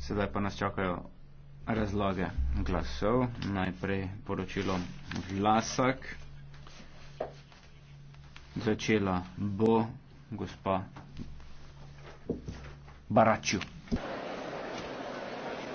Sedaj pa nas čakajo razlage glasov. Najprej poročilo Vlasak. Začela bo gospa Baračju.